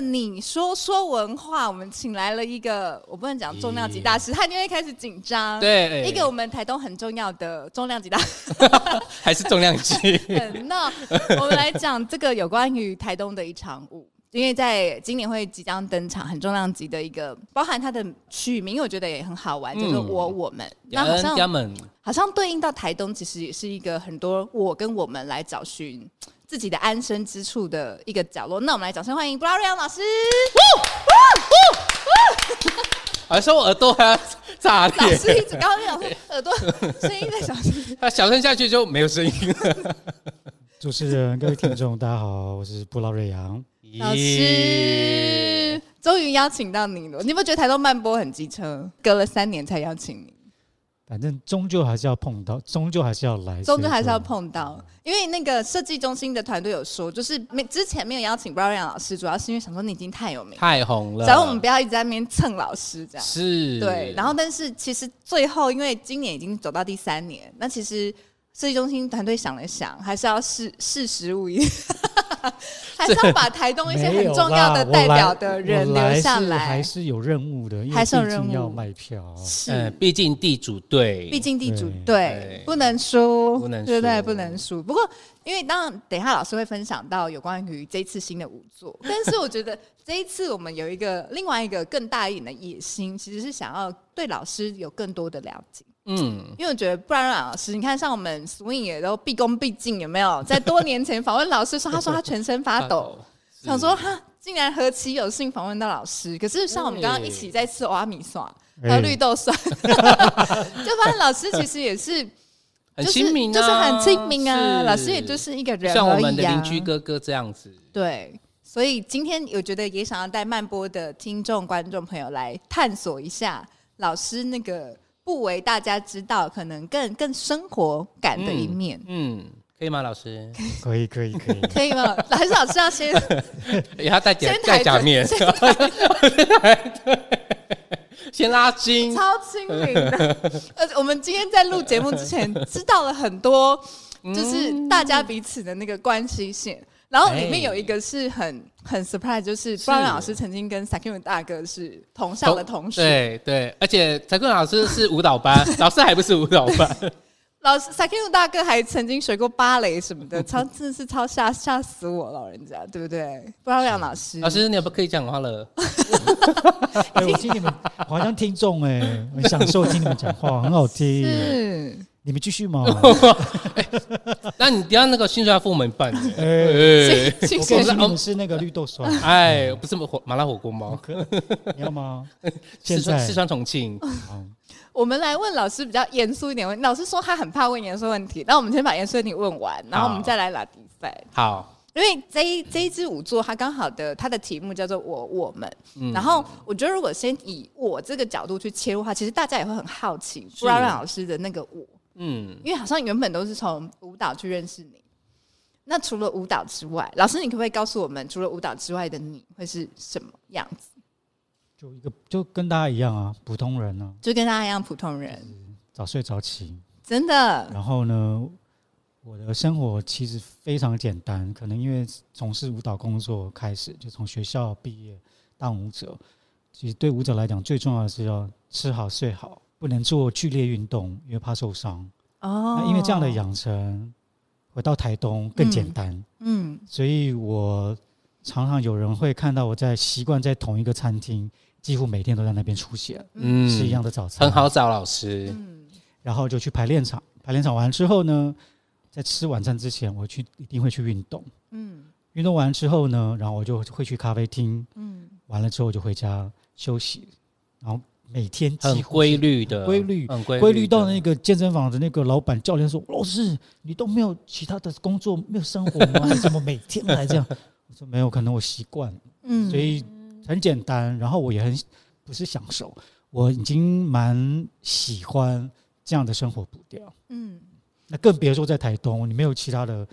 你說說文化，我們請來了一個，我不能講重量級大師，耶 他就會開始緊張。對耶，一個我們台東很重要的重量級大師，對耶 還是重量級。那我們來講這個有關於台東的一場舞， 因為在今年會即將登場，很重量級的一個，包含它的取名，我覺得也很好玩，叫、就、做、是“我、嗯、我們”，那好像、嗯、好像對應到台東，其實也是一個很多我跟我們來找尋。自己的安身之處的一個角落，那我們來掌聲歡迎布拉瑞揚老師。哇哇哇！哇哇 還說我耳朵還要炸裂，老師一直高亮，耳朵聲音在小聲， 他小聲下去就沒有聲音。 主持人、各位聽眾，大家好，我是布拉瑞揚耶老師。終於邀請到你了，你有沒有覺得台東慢播很機車？隔了三年才邀請你。反正終究還是要碰到，終究還是要來，終究還是要碰到。因為那個設計中心的團隊有說，就是沒之前沒有邀請布拉瑞揚老師，主要是因為想說你已經太有名、太紅了，假如我們不要一直在那邊蹭老師這樣。是，對。然後，但是其實最後，因為今年已經走到第三年，那其實設計中心團隊想了想，還是要識時務。 還是要把台東一些很重要的代表的人留下來，來是還是有任務的，還是有任務要賣票。任務是畢、嗯、竟地主隊，畢竟地主隊，對對不能輸，不能對對，不能輸。不過，因為當然，等一下老師會分享到有關於這次新的舞作，但是我覺得這一次我們有一個 另外一個更大一點的野心，其實是想要對老師有更多的了解。嗯，因為我覺得，不然，然老師你看，像我們 swing 也都畢恭畢敬，有沒有？在多年前訪問老師說，他說他全身發抖， 想說他竟然何其有幸訪問到老師。可是像我們剛剛一起在吃瓦米蒜還有綠豆蒜，嗯、 就發現老師其實也是、就是、很親民、啊，就是很親民啊。是老師也就是一個人而已、啊，像我們的鄰居哥哥這樣子。對，所以今天我覺得也想要帶慢波的聽眾、觀眾朋友來探索一下老師那個。不為大家知道，可能更更生活感的一面嗯。嗯，可以嗎，老師？可以，可以，可以。 可以嗎，老師？老師要先， 要戴假戴假面先。台 對，先拉筋，超輕盈的。 而且我們今天在錄節目之前，知道了很多，就是大家彼此的那個關係線。 嗯、然後裡面有一個是很很 surprise，就是布拉老師曾經跟 s a k u n 大哥是同校的同學。同對對，而且 s a k u n 老師是舞蹈班， 老師還不是舞蹈班，老師 s a k u n 大哥還曾經學過芭蕾什麼的，超真是超嚇嚇死我老人家，對不對？布拉布拉老師，老師你也不可以講話了 欸，我聽你們好像聽眾哎、欸， 很享受聽你們講話，很好聽。你們繼續嗎？那你等下那個新學校們辦的、欸，新新學校是那個綠豆酸，嗯、哎，不是麻麻辣火鍋嗎？你你要嗎？四川四川重慶，嗯、我們來問老師比較嚴肅一點問題。老師說他很怕問嚴肅問題，那我們先把嚴肅問題問完，然後我們再來拉低分。好，好因為這一這一支舞作，他剛好的，它的題目叫做我我們。嗯、然後我覺得如果先以我這個角度去切入的話，其實大家也會很好奇，不然讓老師的那個我。嗯，因為好像原本都是從舞蹈去認識你。那除了舞蹈之外，老師你可不可以告訴我們，除了舞蹈之外的你會是什麼樣子？就一個就跟大家一樣啊，普通人呢，啊，就跟大家一樣普通人，早睡早起，真的。然後呢，我的生活其實非常簡單，可能因為從事舞蹈工作開始，就從學校畢業當舞者。其實對舞者來講，最重要的是要吃好睡好。不能做劇烈運動，因為怕受傷。哦，oh. 那因為這樣的養成，回到台東更簡單。嗯，嗯，所以我常常有人會看到我在習慣在同一個餐廳，幾乎每天都在那邊出現。嗯，是一樣的早餐，很好找老師。嗯，然後就去排練場，嗯、排練場完之後呢，在吃晚餐之前，我去一定會去運動。嗯，運動完之後呢，然後我就會去咖啡廳。嗯，完了之後就回家休息，然後。.每天很規律，律的規律，規律到那個健身房的那個老板教練說：“老師，哦，你都沒有其他的工作，沒有生活嗎？ 你怎麼每天來這樣？” 我說：“沒有，可能我習慣了。”嗯，所以很簡單。然後我也很不是享受，我已經蠻喜歡這樣的生活步調。嗯，那更別說在台東，你沒有其他的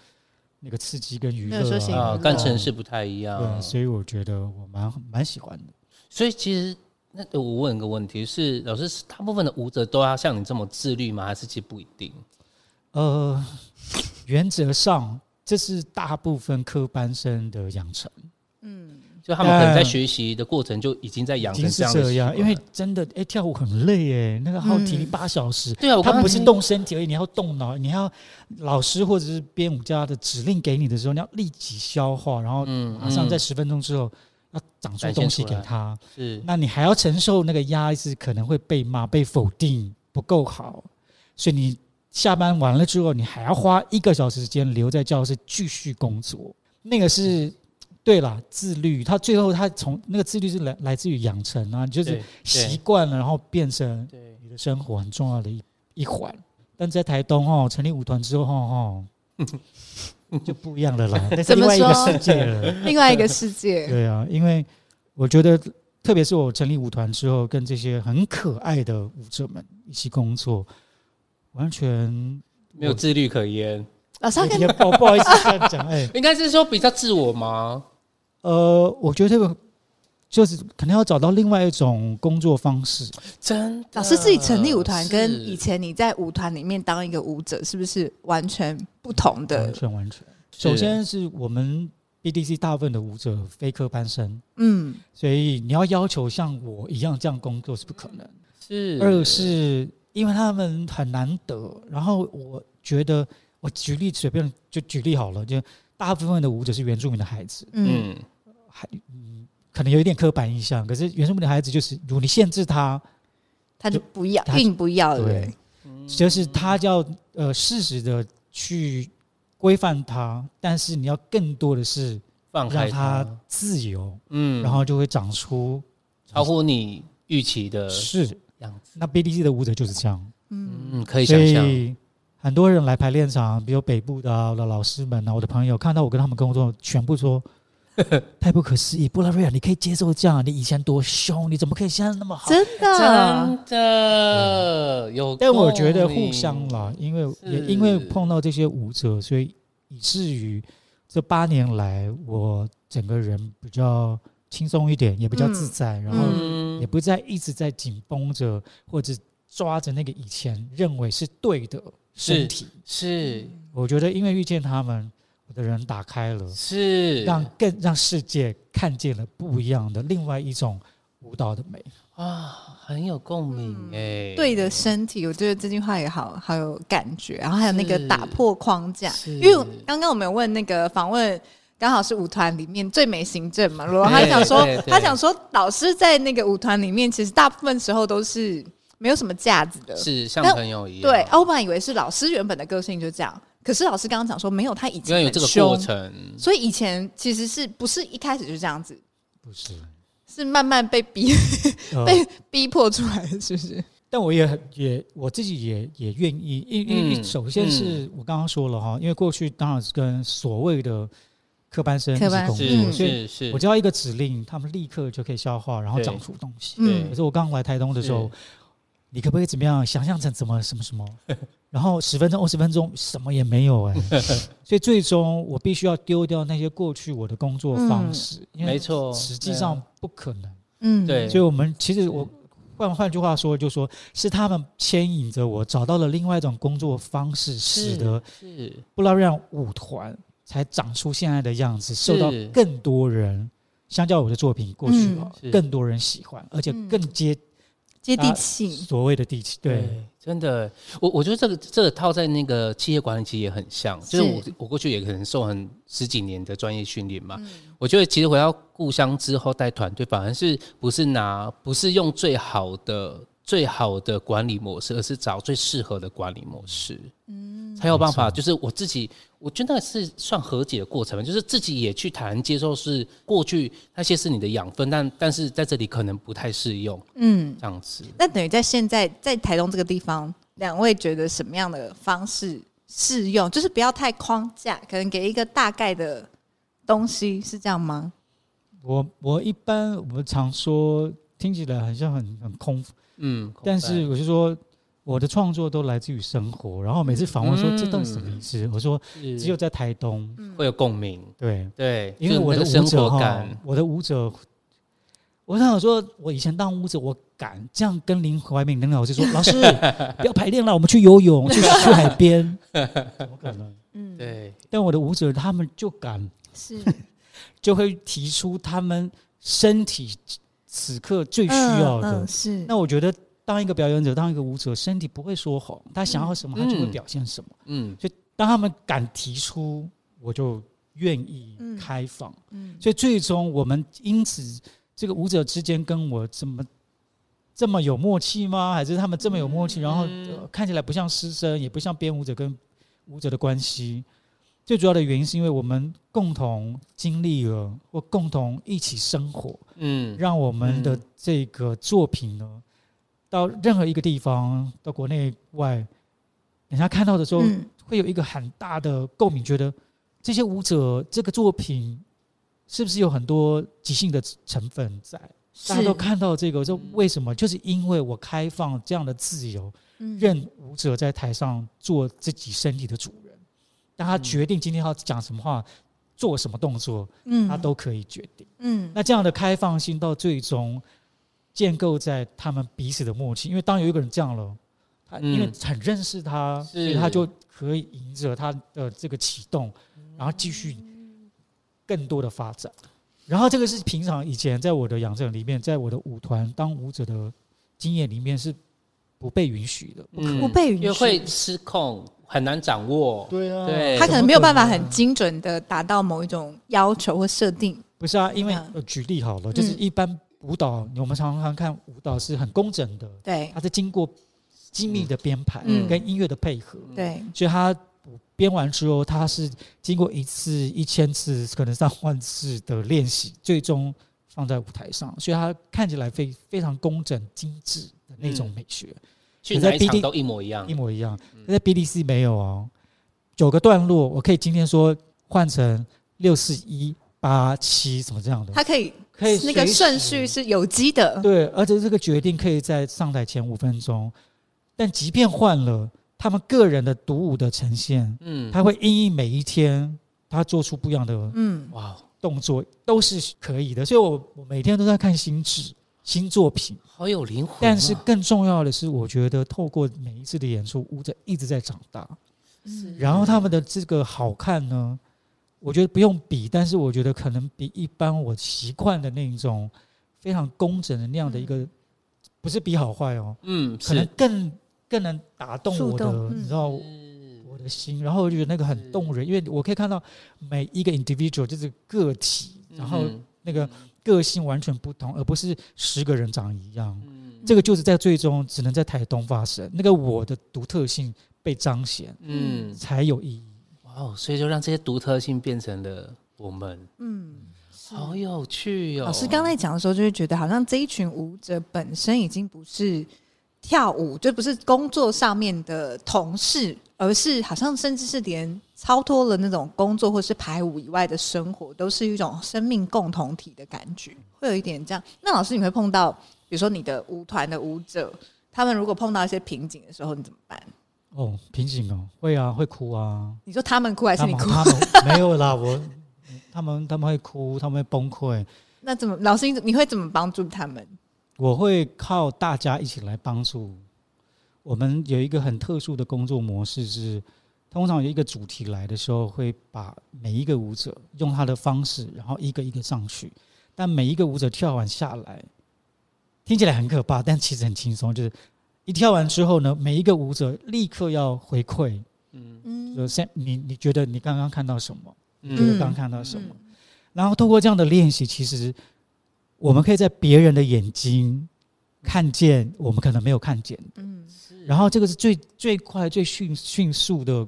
那個刺激跟娛樂啊，跟城市不太一樣。對，所以我覺得我蠻蠻喜歡的。所以其實。那我問一個問題是：是老師，大部分的舞者都要像你這麼自律嗎？還是其實不一定？呃，原則上，這是大部分科班生的養成。嗯，就他們可能在學習的過程就已經在養成這樣，這樣。因為真的，哎、欸，跳舞很累，哎，那個耗體力八小時。對啊、嗯，他不是動身體而已，你要動腦，你要老師或者是編舞家的指令給你的時候，你要立即消化，然後馬上在十分鐘之後。嗯嗯要長出東西給他，是，那你還要承受那個壓力是可能會被罵、被否定、不夠好，所以你下班完了之後，你還要花一個小時時間留在教室繼續工作，那個是，對了，自律。他最後他從那個自律是來來自於養成啊，就是習慣了，然後變成你的生活很重要的一一環。但在台東哦，成立舞團之後哦哦。呵呵就不一樣的了啦，怎麼說？ 另外一個世界了，呵呵，另外一個世界。對啊，因為我覺得，特別是我成立舞團之後，跟這些很可愛的舞者們一起工作，完全沒有，沒有自律可言。啊，抱歉別、 哦，不好意思、 欸、應該是說比較自我嗎？呃，我覺得這個。就是可能要找到另外一種工作方式。真的老師自己成立舞團，跟以前你在舞團裡面當一個舞者，是不是完全不同的？嗯？完全完全。首先是我們 BDC 大部分的舞者是非科班生，嗯，所以你要要求像我一樣這樣工作是不可能。是二是因為他們很難得，然後我覺得我舉例隨便就舉例好了，就大部分的舞者是原住民的孩子，嗯，還、嗯。可能有一點刻板印象，可是原生部的孩子就是，如果你限制他，他就不要，並就不要，對，嗯、就是他就要呃適時的去規範他，但是你要更多的是放開他，讓他自由，嗯，然後就會長出超乎你預期的是，是樣子。那 BDC 的舞者就是這樣，嗯，嗯，可以想像。所以很多人來排練場，比如北部的、啊、的老師們、啊、我的朋友看到我跟他們工作，全部說。 太不可思議，布拉瑞揚，你可以接受這樣？你以前多凶，你怎麼可以現在那麼好？真的、欸、真的 yeah, 有。但我覺得互相了，因為是也因為碰到這些舞者，所以以至於這八年來，我整個人比較輕鬆一點，也比較自在，嗯、然後也不再一直在緊繃着或者抓着那個以前認為是對的身體。是，我覺得因為遇見他們。的人打開了，是讓更讓世界看見了不一樣的另外一種舞蹈的美啊，很有共鳴哎、欸嗯。對的身體，我覺得這句話也好好有感覺。然後還有那個打破框架，是因為剛剛我們有問那個訪問，剛好是舞團裡面最美行政嘛，羅他想說，欸、他想說老師在那個舞團裡面，其實大部分時候都是沒有什麼架子的，是像朋友一樣。對，哦、我本來以為是老師原本的個性就這樣。可是老師剛剛講說沒有，他以前因為有這個過程，所以以前其實是不是一開始就這樣子？不是，是慢慢被逼被逼迫出來，是不是？但我也很也我自己也也願意，因因首先是我剛剛說了哈，因為過去當然是跟所謂的科班生一起工作，是我教一個指令，他們立刻就可以消化，然後長出東西。嗯，可是我剛來台東的時候。你可不可以怎麼樣想象成怎麼什麼什麼，什麼 然後十分鐘、二、哦、十分鐘什麼也沒有哎。 所以最終我必須要丟掉那些過去我的工作方式，嗯、因為沒錯，實際上不可能。錯嗯，對。所以，我們其實我換換句話說，就說是他們牽引着我找到了另外一種工作方式，使得是布拉瑞揚舞團才長出現在的樣子，受到更多人。相較我的作品過去啊，嗯、更多人喜歡，是而且更接。接地氣、啊，所謂的地氣，對，對，真的，我我覺得這個這個套在那個企業管理其實也很像，是就是我我過去也可能受很十幾年的專業訓練嘛，嗯、我覺得其實回到故鄉之後帶團隊，反而是不是拿不是用最好的最好的管理模式，而是找最適合的管理模式，嗯。還有辦法，就是我自己，我覺得那是算和解的過程，就是自己也去坦然接受，是過去那些是你的養分，但但是在這裡可能不太適用，嗯，這樣子、嗯。那等於在現在在台東這個地方，兩位覺得什麼樣的方式適用？就是不要太框架，可能給一個大概的東西，是這樣嗎？我我一般我們常說聽起來好像很很空，嗯，但是我就說。我的創作都來自於生活，然後每次訪問說，這到底是什麼意思？嗯嗯、我說只有在台東會有共鳴，對、嗯、對，對因為我的舞者生活感我的舞者，我想說，我以前當舞者，我敢這樣跟林懷民林我就說，嗯、老師不要排練了，我們去游泳，去去海邊，怎、嗯、麼可能？嗯，對。但我的舞者他們就敢，是 就會提出他們身體此刻最需要的，嗯嗯、是那我覺得。當一個表演者，當一個舞者，身體不會說謊。他想要什麼，嗯、他就會表現什麼。嗯，嗯所以當他們敢提出，我就願意開放。嗯嗯、所以最終我們因此這個舞者之間跟我這麼這麼有默契嗎？還是他們這麼有默契？嗯、然後、嗯呃、看起來不像師生，也不像編舞者跟舞者的關係。最主要的原因是因為我們共同經歷了，或共同一起生活。嗯，讓我們的這個作品呢。嗯嗯到任何一個地方，到國內外，人家看到的時候，嗯、會有一個很大的共鳴，覺得這些舞者這個作品是不是有很多即興的成分在？是大家都看到這個，就為什麼？嗯、就是因為我開放這樣的自由，嗯、任舞者在台上做自己身體的主人，讓、嗯、他決定今天要講什麼話，做什麼動作，嗯、他都可以決定，嗯、那這樣的開放性到最終。建構在他們彼此的默契，因為當有一個人這樣了，他因為很認識他，嗯、所以他就可以迎着他的、呃、這個啟動，然後繼續更多的發展。然後這個是平常以前在我的養成裡面，在我的舞團當舞者的經驗裡面是不被允許的，不，不被允許，嗯、因為會失控，很難掌握。對啊，對，他可能沒有辦法很精準的達到某一種要求或設定。不是啊，因為呃，舉例好了，就是一般、嗯。舞蹈，我們常常看舞蹈是很工整的，對，它是經過精密的編排，跟音樂的配合，嗯嗯、對，所以它編完之後，它是經過一次、一千次、可能上萬次的練習，最終放在舞台上，所以它看起來非非常工整、精緻的那種美學。你、嗯、在 B D 都一模一樣，一模一樣，在 B D C 沒有哦，九個段落，我可以今天說換成六四一八七什麼這樣的，它可以。那個順序是有機的，對，而且這個決定可以在上台前五分鐘。但即便換了，他們個人的獨舞的呈現，嗯，他會因應每一天他做出不一樣的，嗯，哇，動作都是可以的。所以我，我每天都在看新劇、新作品，好有靈魂啊。但是更重要的是，我覺得透過每一次的演出，舞者一直在長大。嗯，然後他們的這個好看呢？我覺得不用比，但是我覺得可能比一般我習慣的那種非常工整的那樣的一個，不是比好壞哦，嗯，可能更更能打動我的，嗯、你知道我的心，然後我覺得那個很動人，是因為我可以看到每一個 individual 就是個體，然後那個個性完全不同，而不是十個人長一樣，嗯、這個就是在最終只能在台東發生，那個我的獨特性被彰顯，嗯，才有意義。哦，所以就讓這些獨特性變成了我們，嗯，好有趣喔。老師剛才講的時候，就會覺得好像這一群舞者本身已經不是跳舞，就不是工作上面的同事，而是好像甚至是連超脫了那種工作或是排舞以外的生活，都是一種生命共同體的感覺，會有一點這樣。那老師，你會碰到比如說你的舞團的舞者，他們如果碰到一些瓶頸的時候，你怎麼辦？哦，瓶頸哦，會啊，會哭啊。你說他們哭還是你哭？沒有啦，我他們他們會哭，他們會崩潰。那怎麼老師你，你會怎麼幫助他們？我會靠大家一起來幫助。我們有一個很特殊的工作模式是，是通常有一個主題來的時候，會把每一個舞者用他的方式，然後一個一個上去。但每一個舞者跳完下來，聽起來很可怕，但其實很輕鬆，就是。一跳完之後呢，每一個舞者立刻要回饋，嗯，就先你你覺得你剛剛看到什麼？嗯，就是剛看到什麼？嗯，然後透過這樣的練習，其實我們可以在別人的眼睛看見我們可能沒有看見的，嗯，然後這個是最最快最迅迅速的，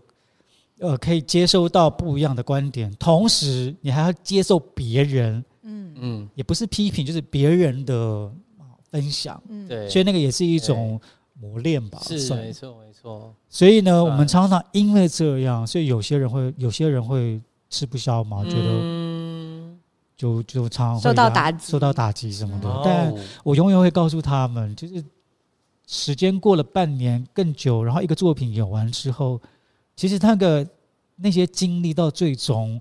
呃，可以接收到不一樣的觀點，同時你還要接受別人，嗯嗯，也不是批評，就是別人的分享，嗯，對，所以那個也是一種。磨練吧，是沒錯了沒錯。沒錯，所以呢，對我們常常因為這樣，所以有些人會有些人會吃不消嘛，嗯、覺得就就常常會受到打擊，受到打擊什麼的。哦、但我永遠會告訴他們，就是時間過了半年更久，然後一個作品演完之後，其實那個那些經歷到最終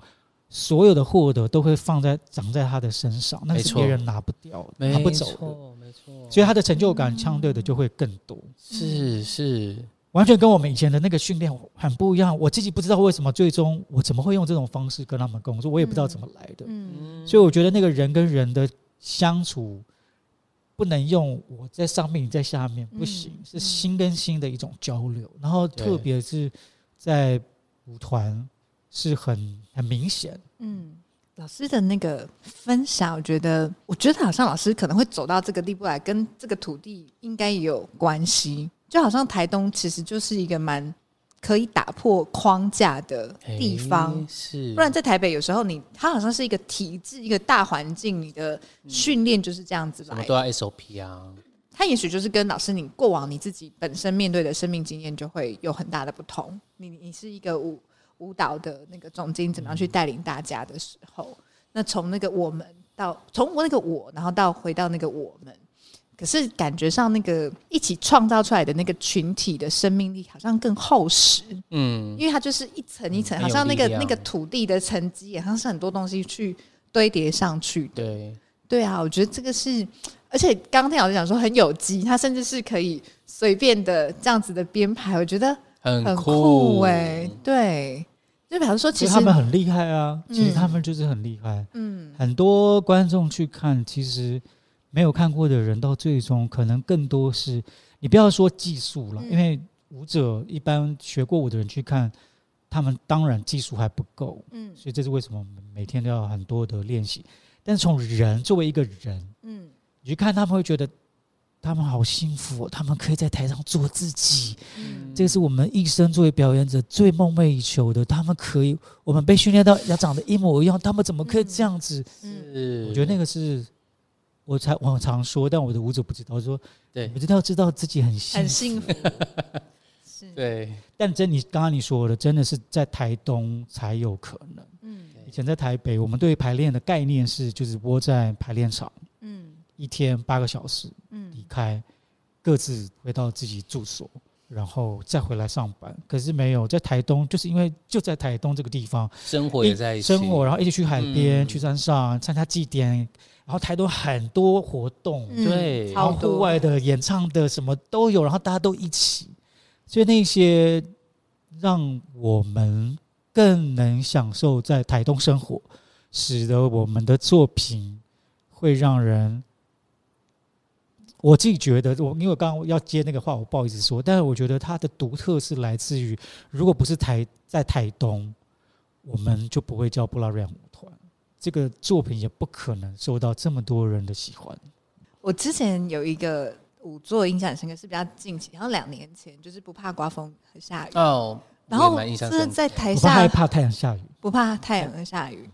所有的獲得都會放在長在他的身上，那是別人拿不掉的，拿不走。所以他的成就感相對的就會更多。是、嗯、是，是。完全跟我們以前的那個訓練很不一樣。我自己不知道為什麼，最終我怎麼會用這種方式跟他們工作，我也不知道怎麼來的。嗯、所以我覺得那個人跟人的相處不能用我在上面，你在下面，不行。是心跟心的一種交流。然後，特別是在舞團。是很很明顯。嗯，老師的那個分享，我覺得，我覺得好像老師可能會走到這個地步來，跟這個土地應該也有關係。就好像台東其實就是一個蠻可以打破框架的地方，欸、是。不然在台北有時候你，它好像是一個體制，一個大環境，你的訓練就是這樣子來，都要 SOP 啊。他也許就是跟老師你過往你自己本身面對的生命經驗就會有很大的不同。你你是一個五。舞蹈的那個總監怎麼樣去帶領大家的時候，嗯、那從那個我們到從那個我，然後到回到那個我們，可是感覺上那個一起創造出來的那個群體的生命力好像更厚實，嗯，因為它就是一層一層，嗯、好像那個那個土地的沉積，好像是很多東西去堆疊上去的，對，對啊，我覺得這個是，而且剛剛聽老師講說很有機，它甚至是可以隨便的這樣子的編排，我覺得很酷，欸，哎、欸，對。就比方說，其實他們很厲害啊，嗯、其實他們就是很厲害嗯。嗯，很多觀眾去看，其實沒有看過的人，到最終可能更多是，你不要說技術了，嗯、因為舞者一般學過舞的人去看，他們當然技術還不夠。嗯，所以這是為什麼我們每天都要很多的練習。但是從人作為一個人，嗯，你去看他們會覺得。他們好幸福，哦，他們可以在台上做自己。嗯，這個是我們一生作為表演者最夢寐以求的。他們可以，我們被訓練到要長得一模一樣，他們怎麼可以這樣子？嗯、是，我覺得那個是，我才往常說，但我的舞者不知道，我說對，你們都要知道自己很幸福很幸福。 是對，但真你剛剛你說的，真的是在台東才有可能。嗯，以前在台北，我們對排練的概念是，就是窩在排練場。嗯。一天八個小時，嗯，離開，各自回到自己住所，然後再回來上班。可是沒有在台東，就是因為就在台東這個地方，生活也在一起，一生活。然後一起去海邊，嗯、去山上參加祭典。然後台東很多活動，對、嗯，然後戶外的、演唱的，什麼都有，然後大家都一起，所以那些讓我們更能享受在台東生活，使得我們的作品會讓人。我自己覺得，我因為剛剛要接那個話，我不好意思說，但是我覺得它的獨特是來自於，如果不是台在台東，我們就不會叫布拉瑞揚舞團，這個作品也不可能受到這麼多人的喜歡。我之前有一個舞作印象深刻，是比較近期，好像兩年前，就是不怕颳風和下雨哦。然後就是在台下上不怕，怕太陽下雨，嗯、不怕太陽和下雨，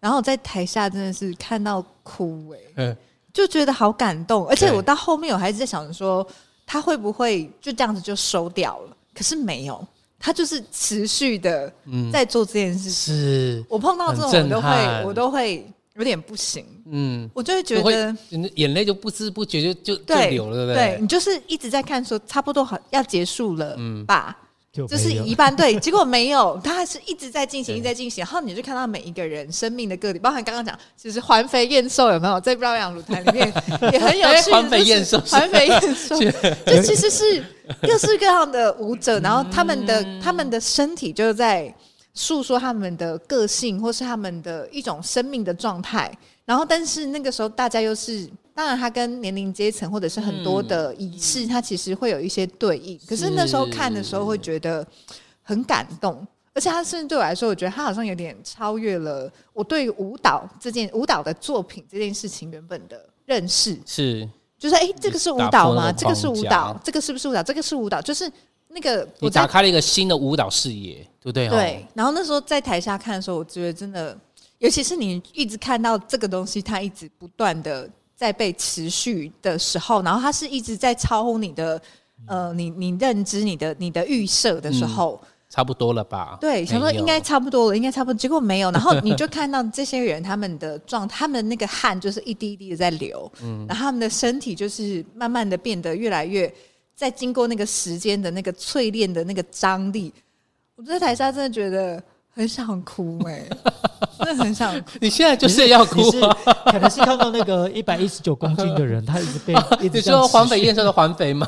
然後在台下真的是看到哭，欸。嗯就覺得好感動，而且我到後面我還是在想說，他會不會就這樣子就收掉了？可是沒有，他就是持續的在做這件事情，嗯。是，我碰到這種我都會我都會有點不行，嗯，我就會覺得會眼淚就不知不覺就就，對，就流了對不對？對你就是一直在看說差不多好要結束了，嗯吧。嗯就這是一般對， 結果沒有，他還是一直在進行，對一直在進行。然後你就看到每一個人生命的個體，包含剛剛講，就是環肥燕瘦有沒有，在布拉瑞揚舞台裡面 也很有趣。環肥燕瘦，環肥燕瘦， 就其實是各式各樣的舞者，然後他們的 他們的身體就在訴說他們的個性，或是他們的一種生命的狀態。然後，但是那個時候大家又是。當然，他跟年齡階層或者是很多的儀式，嗯、他其實會有一些對應。是，可是那時候看的時候會覺得很感動，而且他甚至對我來說，我覺得他好像有點超越了我對舞蹈這件舞蹈的作品這件事情原本的認識。是，就是哎、欸，這個是舞蹈嗎？這個是舞蹈，這個是不是舞蹈？這個是舞蹈，就是那個我。你打開了一個新的舞蹈視野，對不對？對。哦、然後那時候在台下看的時候，我覺得真的，尤其是你一直看到這個東西，它一直不斷的。在被持續的時候，然後他是一直在超乎你的，呃，你你認知、你的你的預設的時候，嗯，差不多了吧？對，想說應該差不多了，哎呦，應該差不多，結果沒有，然後你就看到這些人他們的狀，他們的他們那個汗就是一滴一滴的在流，嗯，然後他們的身體就是慢慢的變得越來越，在經過那個時間的那個淬鍊的那個張力，我在台下真的覺得。很想哭哎，真的很想哭。你現在就是要哭，可能是看到那個一百一十九公斤的人，他已經被你說“環肥”、“燕瘦”的“環肥”嗎？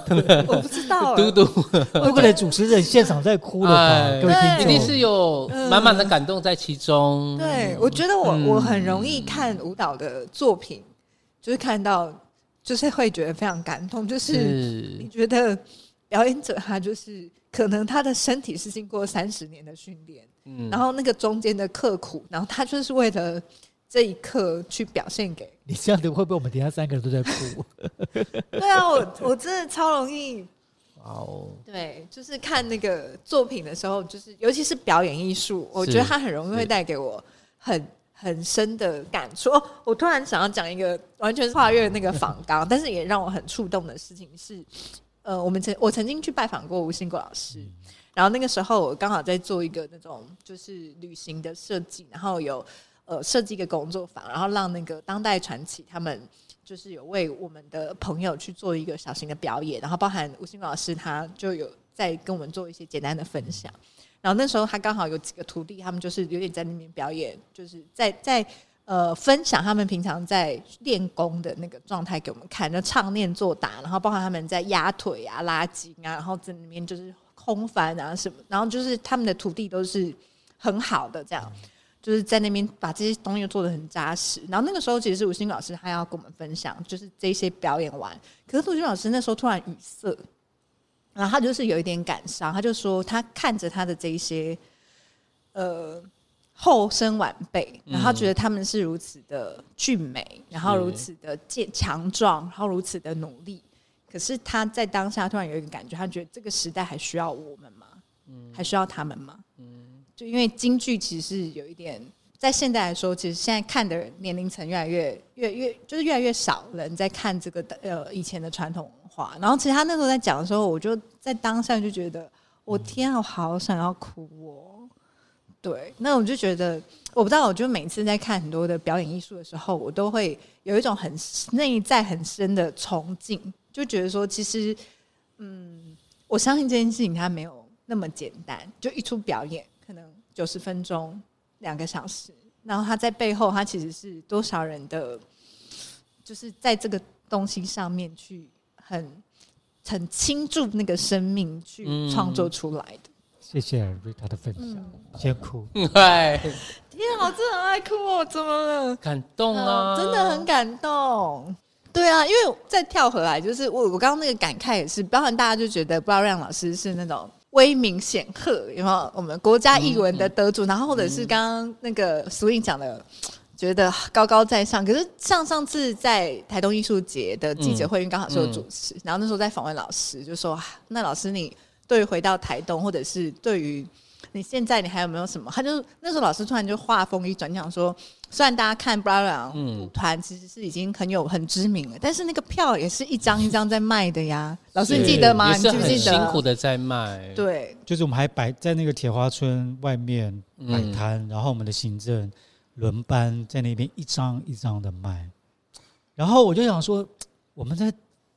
我不知道。嘟嘟，會不會主持人現場在哭的。對，一定是有滿滿的感動在其中。對我覺得，我我很容易看舞蹈的作品，就是看到，就是會覺得非常感動。就是你覺得表演者他就是可能他的身體是經過三十年的訓練。嗯、然後那個中間的刻苦，然後他就是為了這一刻去表現給你，這樣子會不會我們底下三個人都在哭？ 對啊，我我真的超容易。哦，Wow. 對，就是看那個作品的時候，就是尤其是表演藝術，是我覺得它很容易會帶給我很很深的感觸、哦。我突然想要講一個完全跨越那個仿綱， 但是也讓我很觸動的事情是，呃，我們曾我曾經去拜訪過吳興國老師。嗯然後那個時候我剛好在做一個那種就是旅行的設計，然後有呃設計一個工作坊，然後讓那個當代傳奇他們就是有為我們的朋友去做一個小型的表演，然後包含吳興國老師他就有在跟我們做一些簡單的分享。然後那時候他剛好有幾個徒弟，他們就是有點在那邊表演，就是在在呃分享他們平常在練功的那個狀態給我們看，就唱念做打，然後包括他們在壓腿啊、拉筋啊，然後在裡面就是。空翻啊什麼，然後就是他們的徒弟都是很好的，這樣就是在那邊把這些東西做得很扎實。然後那個時候其實是吳興國老師他要跟我們分享，就是這些表演完，可是杜軍老師那時候突然語塞，然後他就是有一點感傷，他就說他看着他的這一些呃後生晚輩，然後他覺得他們是如此的俊美，然後如此的健強壯，然後如此的努力。可是他在當下突然有一個感覺，他覺得這個時代還需要我們嗎？嗯，還需要他們嗎？嗯，就因為京劇其實是有一點，在現在來說，其實現在看的年齡層越來越越來越，就是越來越少人在看這個呃以前的傳統文化。然後其實他那時候在講的時候，我就在當下就覺得，我天啊，我好想要哭哦！對，那我就覺得，我不知道，我就每次在看很多的表演藝術的時候，我都會有一種很內在很深的崇敬。就覺得說，其實，嗯，我相信這件事情它沒有那麼簡單。就一出表演，可能九十分鐘、兩個小時，然後他在背後，他其實是多少人的，就是在這個東西上面去很很傾注那個生命去創作出來的。嗯、謝謝 Rita 的分享，嗯、先哭，嗯、哎，天、啊，我真的很愛哭、啊？怎麼了？感動啊、哦，真的很感動。對啊，因為再跳回來、啊，就是我我剛剛那個感慨也是，包含大家就覺得布拉瑞揚老師是那種威名顯赫，有沒有？然後我們國家藝文的得主，嗯、然後或者是剛剛那個蘇穎講的，嗯、覺得高高在上。可是像上，上次在台東藝術節的記者會，剛好是我主持，嗯嗯、然後那時候在訪問老師，就說：“那老師你對於回到台東，或者是對於？”你現在你還有沒有什麼？他就那時候老師突然就話鋒一轉，講說，雖然大家看布拉舞團其實是已經很有很知名了，但是那個票也是一張一張在賣的呀。老師，是你記得嗎？是你記不記得？辛苦的在賣。對，就是我們還擺在那個鐵花村外面擺攤，嗯、然後我們的行政輪班在那邊一張一張的賣。然後我就想說，我們在。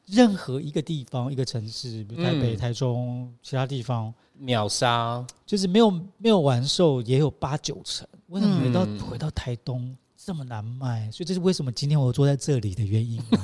任何一個地方，一個城市，比如台北、嗯、台中、其他地方，秒殺，就是沒有沒有完售，也有八九成。嗯、為什麼回到回到台東這麼難賣？所以這是為什麼今天我坐在這裡的原因、啊。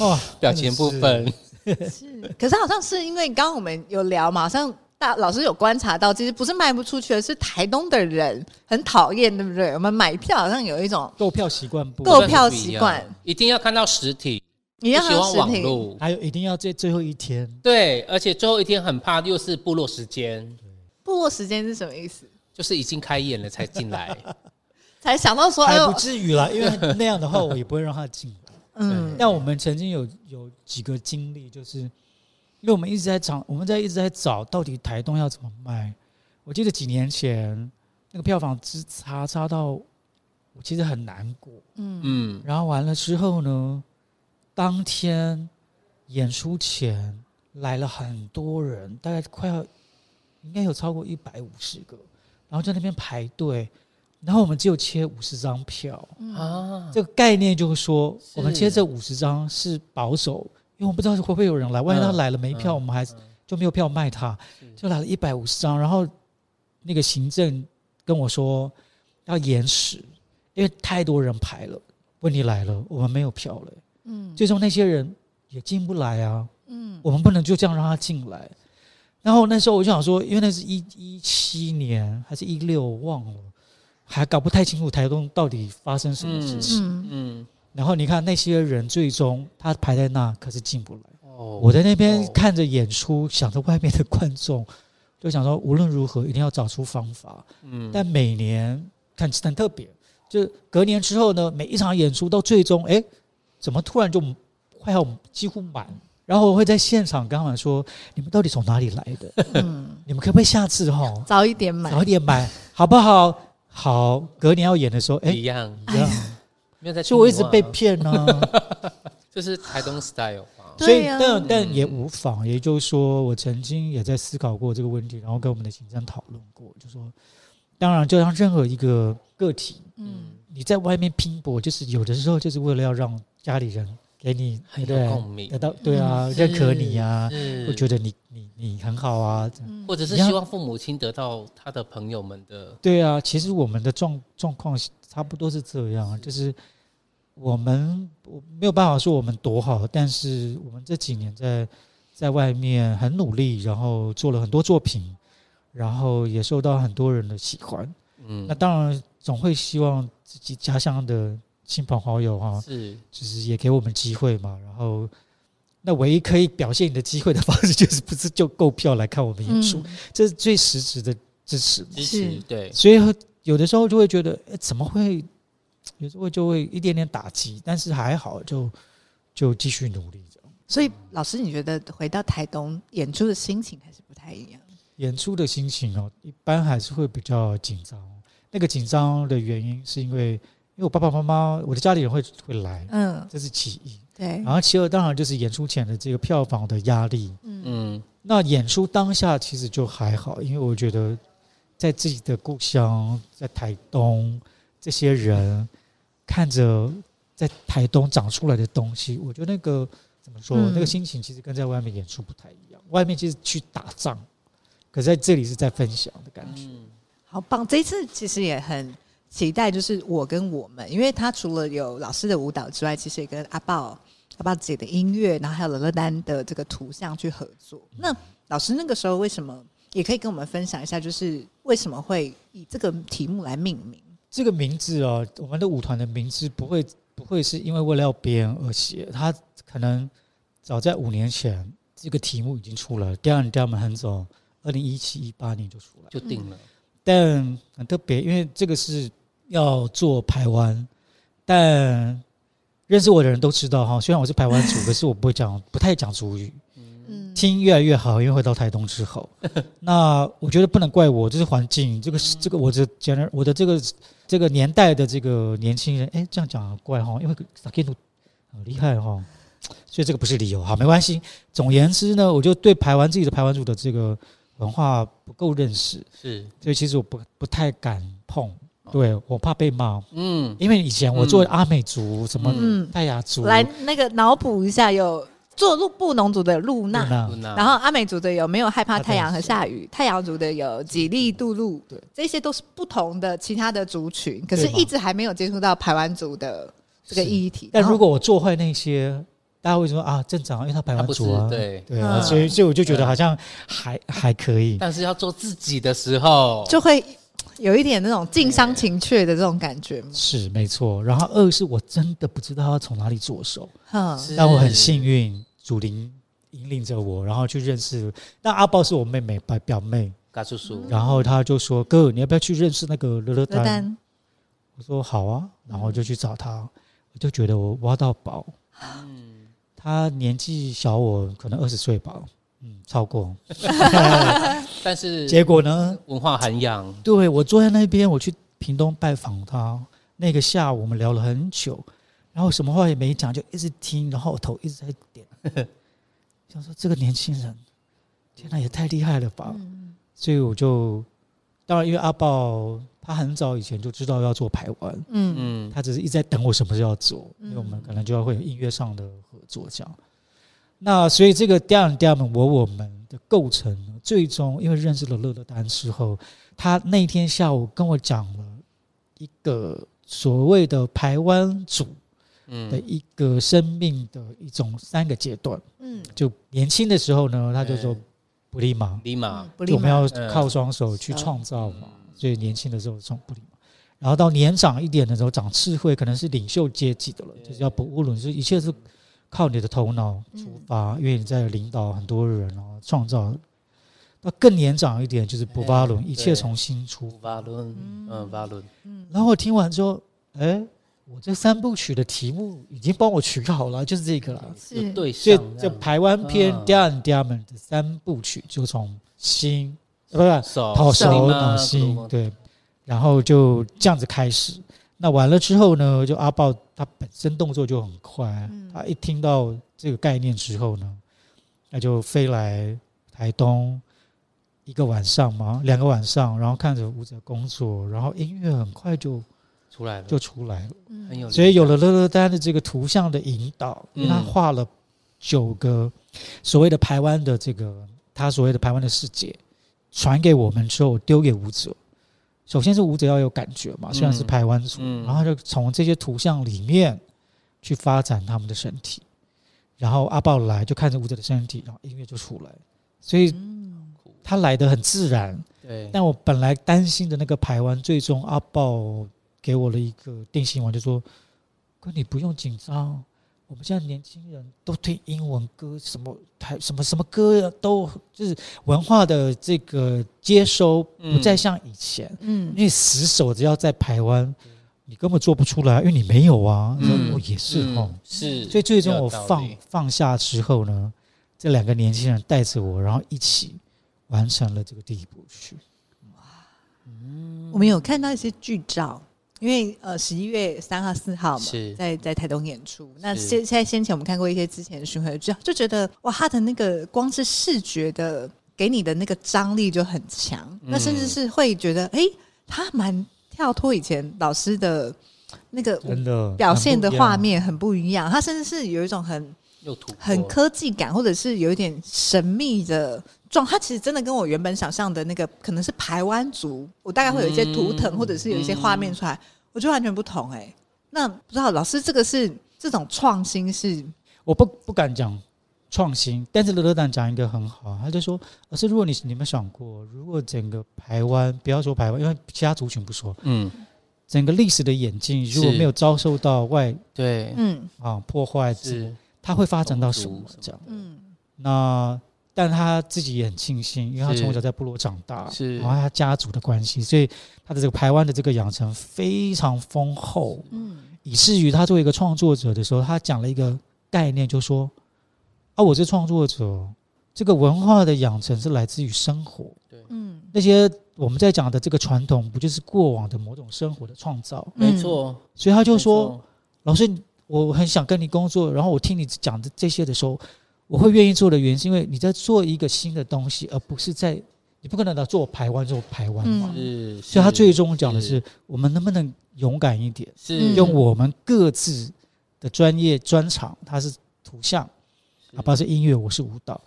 哦、 啊，表情部分 是，可是好像是因為剛剛我們有聊嘛，好像大老師有觀察到，其實不是賣不出去的，是台東的人很討厭，對不對？我們買票好像有一種購票習慣不，購票習慣一定要看到實體。你要修網絡，還有一定要在最後一天。對，而且最後一天很怕，又是部落時間。對部落時間是什麼意思？就是已經開演了才進來， 才想到說，哎呦，不至於啦，因為那樣的話，我也不會讓他進來。 對嗯，那我們曾經有有幾個經歷，就是因為我們一直在找，我們在一直在找到底台東要怎麼賣。我記得幾年前那個票房之差差到，我其實很難過。嗯，然後完了之後呢？當天演出前來了很多人，大概快要應該有超過一百五十個，然後在那邊排隊。然後我們只有切五十張票啊，嗯、這個概念就是說，我們切這五十張是保守，是因為我不知道會不會有人來，萬一他來了沒票，嗯、我們還就沒有票賣他。就來了一百五十張，然後那個行政跟我說要延時，因為太多人排了。問題來了，我們沒有票了。嗯，最終那些人也進不來啊。嗯，我們不能就這樣讓他進來。然後那時候我就想說，因為那是一一七年還是一六，我忘了，還搞不太清楚台東到底發生什麼事情。嗯，然後你看那些人，最終他排在那可是進不來。哦。我在那邊看着演出，想着外面的觀眾，就想說無論如何一定要找出方法。嗯。但每年很很特別，就是隔年之後呢，每一場演出都最終哎。怎麼突然就快要幾乎滿？然後我會在現場跟他們說：“你們到底從哪裡來的？嗯、你們可不可以下次哈早一點買？早一點買好不好？好，隔年要演的時候，哎一樣一樣，所以我一直被騙了，啊，就是台東 style 嘛，啊。啊，所以但但也無妨。也就是說，我曾經也在思考過這個問題，然後跟我們的行政討論過，就說：當然，就像任何一個個體，嗯，你在外面拼搏，就是有的時候就是為了要讓。家裡人給你，你對不對？很多共鳴得到對啊、嗯、認可你啊，會是覺得你你你很好啊，或者是希望父母親得到他的朋友們的對啊，其實我們的狀狀況差不多是這樣，對就是我們沒有辦法說我們多好，是，但是我們這幾年在在外面很努力，然後做了很多作品，然後也受到很多人的喜歡，嗯，那當然總會希望自己家鄉的。親朋好友哈，是，就是也給我們機會嘛。然後，那唯一可以表現你的機會的方式，就是不是就購票來看我們演出，嗯，這是最實質的支持。支持對，所以有的時候就會覺得誒，怎麼會？有時候就會一點點打擊，但是還好就，就就繼續努力着。所以，老師，你覺得回到台東演出的心情還是不太一樣？演出的心情哦，一般還是會比較緊張。那個緊張的原因是因為。因為我爸爸媽媽，我的家裡人會會來，嗯，這是其一，對，然後其二當然就是演出前的這個票房的壓力，嗯嗯，那演出當下其實就還好，因為我覺得在自己的故鄉，在台東，這些人看着在台東長出來的東西，我覺得那個怎麼說，嗯、那個心情其實跟在外面演出不太一樣，外面其實去打仗，可是在這裡是在分享的感覺，嗯，好棒，這一次其實也很。期待就是我跟我們，因為他除了有老師的舞蹈之外，其實也跟阿爆、阿爆姐的音樂，然後還有磊勒、磊勒丹的這個圖像去合作。嗯、那老師那個時候為什麼也可以跟我們分享一下，就是為什麼會以這個題目來命名？這個名字哦，我們的舞團的名字不會不會是因為為了編而寫，他可能早在五年前這個題目已經出了，二，第二門很早，二零一七一八年就出來了就定了。嗯、但很特別，因為這個是。要做排灣，但認識我的人都知道哈。雖然我是排灣族，可是我不會講， 不太講族語。嗯，聽越來越好，因為回到台東之後。 那我覺得不能怪我，這，就是環境，這個是這個，我這的 era, 我的這個這個年代的這個年輕人，哎、欸，這樣講怪哈，因為撒開度很厲害哈，所以這個不是理由哈，沒關係。總而言之呢，我就對排灣自己的排灣族的這個文化不夠認識，是，所以其實我不不太敢碰。對，我怕被罵。嗯，因為以前我做阿美族什麼泰雅族，來那個腦補一下，有做露布農族的露娜。然後阿美族的有沒有害怕太陽和下雨？太陽族的有吉利杜路，對，這些都是不同的其他的族群，可是一直還沒有接觸到排灣族的這個議題。但如果我做壞那些，大家會說啊，正常因為他排灣族啊，對對，所以所以我就覺得好像還還可以。但是要做自己的時候，就會。有一點那種近鄉情怯的這種感覺嗎？是，沒錯。然後二是我真的不知道要從哪裡着手。嗯，但我很幸運，祖靈引領着我，然後去認識。那阿爆是我妹妹表表妹，叔叔、嗯。然後他就說：“哥，你要不要去認識那個磊勒丹？”丹我說：“好啊。”然後就去找他，我就覺得我挖到寶。嗯，他年紀小我，我可能二十歲吧。嗯，超過。 但是結果呢？文化涵養，對，我坐在那邊，我去屏東拜訪他，那個下午我們聊了很久，然後什麼話也沒講，就一直聽，然後我頭一直在點， 想說這個年輕人，天哪也太厲害了吧！嗯、所以我就，當然因為阿爆他很早以前就知道要做排灣，嗯嗯，他只是一直在等我什麼時候要做，因為、嗯、我們可能就要會有音樂上的合作講。那所以這個第二第二門，我我們的構成，最終因為認識了磊勒丹之後，他那天下午跟我講了一個所謂的排灣族的一個生命的一種三個階段。嗯，就年輕的時候呢，他就說 pulima，立馬，我們要靠雙手去創造嘛。所以年輕的時候從 pulima，然後到年長一點的時候，長智慧，可能是領袖階級的了，就是要不侮辱，就是一切是，靠你的頭腦出發，因為你在領導很多人哦，創造。那更年長一點就是博巴倫，一切從心出。巴倫，嗯，巴倫。嗯。然後我聽完之後，哎，我這三部曲的題目已經幫我取好了，就是這個了。是。對。所以，就排灣篇第二、第二本的三部曲，就從心，不是，腦、手、腦、心，對。然後就這樣子開始。那完了之後呢？就阿爆他本身動作就很快，他一聽到這個概念之後呢，那就飛來台東一個晚上嘛，兩個晚上，然後看着舞者工作，然後音樂很快就出來了，就出來了，所以有了磊勒丹的這個圖像的引導，因為他畫了九個所謂的排灣的這個他所謂的排灣的世界，傳給我們之後丟給舞者。首先是舞者要有感覺嘛，雖然是排灣族，嗯嗯、然後就從這些圖像裡面去發展他們的身體，然後阿爆來就看着舞者的身體，嗯、然後音樂就出來，所以他來得很自然。嗯、但我本來擔心的那個排灣，最終阿爆給我了一個定心丸，就說：“哥，你不用緊張。”我們現在年輕人都聽英文歌，什麼台什麼什麼歌都就是文化的這個接收不再像以前。嗯，嗯因為死守着要在排灣，嗯、你根本做不出來、啊，因為你沒有啊。嗯、我也是哈。嗯哦、是。所以最終我放放下之後呢，這兩個年輕人帶着我，然後一起完成了這個第一部曲。哇，嗯，我們有看到一些劇照。因為呃，十一月三號、四號嘛，是在在台東演出。是那現現在先前我們看過一些之前的巡迴劇，就覺得哇，他的那個光是視覺的給你的那個張力就很強。嗯、那甚至是會覺得，誒、欸，他蠻跳脫以前老師的那個表現的畫面，很不一樣。他甚至是有一種很很科技感，或者是有一點神秘的。它其實真的跟我原本想象的那個可能是排灣族，我大概會有一些圖騰、嗯、或者是有一些畫面出來，嗯、我就完全不同哎、欸。那不知道老師，這個是這種創新是？我不不敢講創新，但是磊勒丹講一個很好，他就說，老師，如果你你們想過，如果整個排灣，不要說排灣，因為其他族群不說，嗯，整個歷史的演進如果沒有遭受到外對嗯啊破壞，是它會發展到什麼這樣？嗯，那。但他自己也很慶幸，因為他從小在部落長大，是，然後他家族的關係，所以他的這個排灣的這個養成非常豐厚。嗯，以至於他作為一個創作者的時候，他講了一個概念，就說：“啊，我是創作者，這個文化的養成是來自於生活。”對，嗯，那些我們在講的這個傳統，不就是過往的某種生活的創造？嗯、沒錯。所以他就說：“錯老師，我很想跟你工作。然後我聽你講的這些的時候。”我會願意做的原因，是因為你在做一個新的東西，而不是在你不可能老做排灣做排灣嘛。嗯，所以他最終講的是，我們能不能勇敢一點，用我們各自的專業專長，他是圖像，哪怕是音樂，我是舞蹈，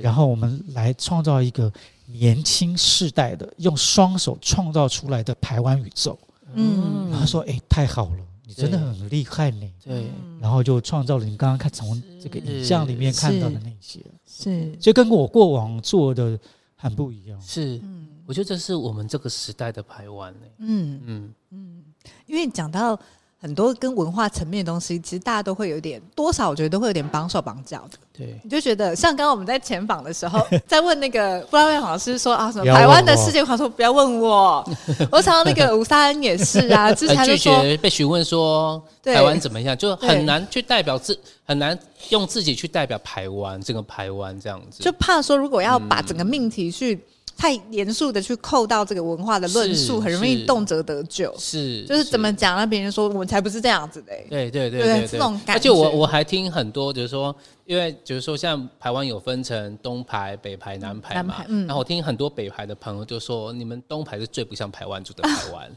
然後我們來創造一個年輕世代的，用雙手創造出來的排灣宇宙。嗯，他說：“哎，太好了。”真的很厲害呢，對，對，嗯、然後就創造了你剛剛看從這個影像裡面看到的那些，是，是，就跟我過往做的很不一樣，是，我覺得這是我們這個時代的排灣呢，嗯嗯嗯，因為講到。很多跟文化層面的東西，其實大家都會有點多少，我覺得都會有點綁手綁腳的。對，你就覺得像剛剛我們在前訪的時候，在問那個布拉瑞揚老師說 啊，什麼台灣的世界華說不要問我， 我想到那個武撒恩也是啊， 之前就說被詢問說台灣怎麼樣，對就很難去代表自，很難用自己去代表台灣整、這個台灣這樣子，就怕說如果要把整個命題去。太嚴肅的去扣到這個文化的論述，是很容易動輒得咎。是，就是怎麼講是讓別人說我們才不是這樣子的。對對，對對對，這種感覺。而且我我還聽很多，就是說，因為就是說，像排灣有分成東排、北排、南排嘛。嘛。嗯。然後我聽很多北排的朋友就說：“你們東排是最不像排灣族的排灣。啊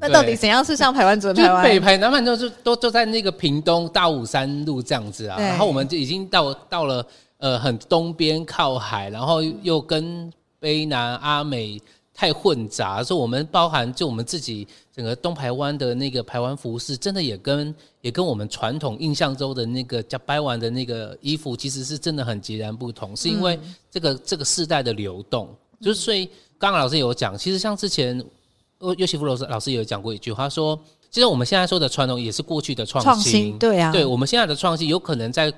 對” 那到底怎樣是像排灣族的排灣？北排、南排，就是都都在那個屏東大武山路這樣子啊。對然後我們就已經到到了呃很東邊靠海，然後又跟。嗯卑南阿美，太混雜，所以我們包含就我們自己整個東排灣的那個排灣服飾，真的也跟也跟我們傳統印象中的那個叫排灣的那個衣服，其實是真的很截然不同。嗯、是因為這個這個世代的流動，嗯、就是所以剛剛老師也有講，其實像之前呃尤西弗羅斯老師也有講過一句話說，其實我們現在說的傳統也是過去的創新，新，對呀、啊，對我們現在的創新有可能在。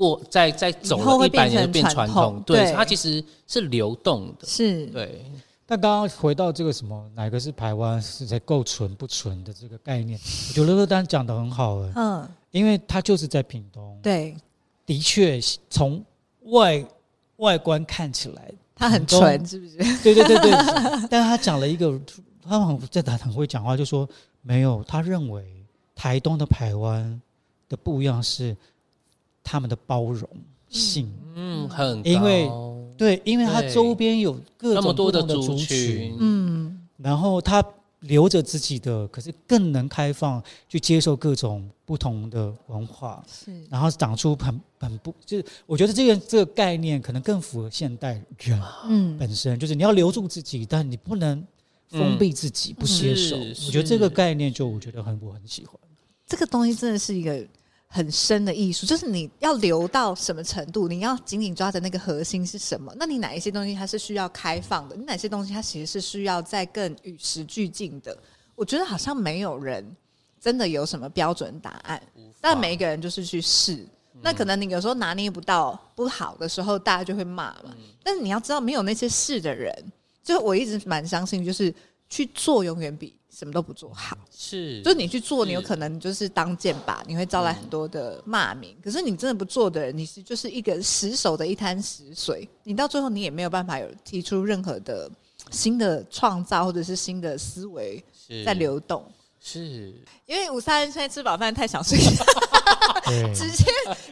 我在在走了一百年變傳統，對它其實是流動的，是，對。但剛剛回到這個什麼，哪個是排灣是在夠純不純的這個概念， 我覺得磊勒丹講的很好誒、欸，嗯，因為他就是在屏東，對，的確從外外觀看起來，他很純，是不是？對，對對對對。 但他講了一個，他很，在打很會講話，就說沒有，他認為台東的排灣的不一樣是。他們的包容性，嗯，很因為對，因為它周邊有這麼多的族群，嗯，然後它留着自己的，可是更能開放去接受各種不同的文化，是，然後長出很很不，就是我覺得這個這個概念可能更符合現代人，嗯，本身就是你要留住自己，但你不能封閉自己不接受，我覺得這個概念就我覺得很我很喜歡，這個東西真的是一個。很深的藝術，就是你要留到什麼程度，你要緊緊抓着那個核心是什麼。那你哪一些東西它是需要開放的？你哪些東西它其實是需要再更與時俱進的？我覺得好像沒有人真的有什麼標準答案，法但每一個人就是去試。嗯、那可能你有時候拿捏不到不好的時候，大家就會罵嘛。嗯、但是你要知道，沒有那些試的人，就我一直蠻相信，就是去做永遠比。什麼都不做好是，就是你去做，你有可能就是當箭靶，是你會招來很多的罵名。是可是你真的不做的人，你是就是一個死守的一灘死水，你到最後你也沒有辦法有提出任何的新的創造或者是新的思維在流動。是，是因為武撒恩現在吃飽飯太想睡覺。 對直接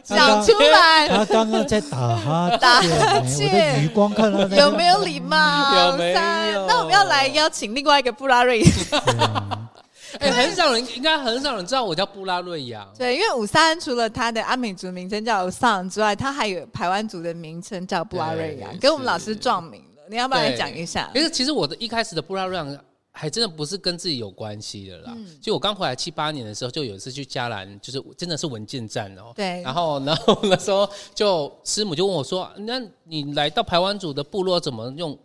講出來。他剛剛在打哈打哈欠，有沒有禮貌？武撒恩、啊，有有，那我們要來邀請另外一個布拉瑞。哎、啊是欸，很少人，應該很少人知道我叫布拉瑞揚。對，因為武撒恩除了他的阿美族名稱叫桑之外，他還有排灣族的名稱叫布拉瑞揚，跟我們老師撞名了，你要不要來講一下？因為其實我的一開始的布拉瑞揚。還真的不是跟自己有關係的啦，嗯、就我剛回來七八年的時候，就有一次去嘉蘭，就是真的是文件站哦、喔，對然，然後然後 那時候就師母就問我說：“那你來到排灣族的部落怎麼用？”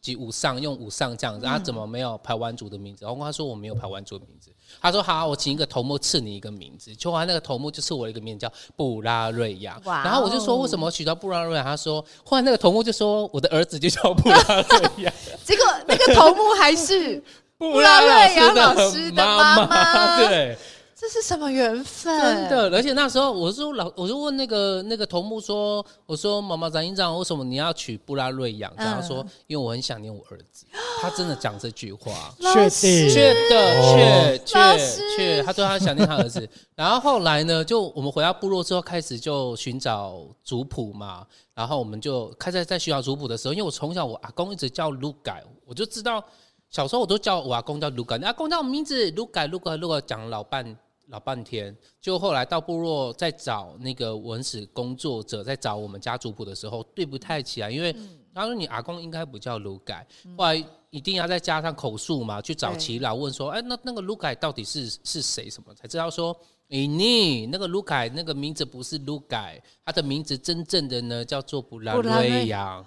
及五上用五上這樣子，他、啊、怎麼沒有排灣族的名字？然後、嗯、他說我沒有排灣族的名字。他說好，我請一個頭目賜你一個名字。後來那個頭目就賜我一個名，叫布拉瑞揚。Wow 然後我就說為什麼取到布拉瑞揚？他說後來那個頭目就說我的兒子就叫布拉瑞揚。 結果那個頭目還是布拉瑞揚老師的媽媽。 對。這是什麼緣分？真的，而且那時候我是老，我就問那個那個頭目說：“我說，毛毛長營長，為什麼你要娶布拉瑞揚、嗯、他說：“因為我很想念我兒子。”他真的講這句話，確定確的，確確確，他說他想念他兒子。 然後後來呢，就我們回到部落之後，開始就尋找族譜嘛。然後我們就開始在尋找族譜的時候，因為我從小我阿公一直叫盧改，我就知道小時候我都叫我阿公叫盧改。阿公叫我名字盧改，如果如果講老伴。老半天，就後來到部落，在找那個文史工作者，在找我們家族譜的時候，對不太起來，因為他說你阿公應該不叫盧改，嗯、後來一定要再加上口述嘛，去找耆老對問說，哎、欸，那那個盧改到底是是誰什麼，才知道說，哎，你那個盧改那個名字不是盧改，他的名字真正的呢叫做布拉瑞揚，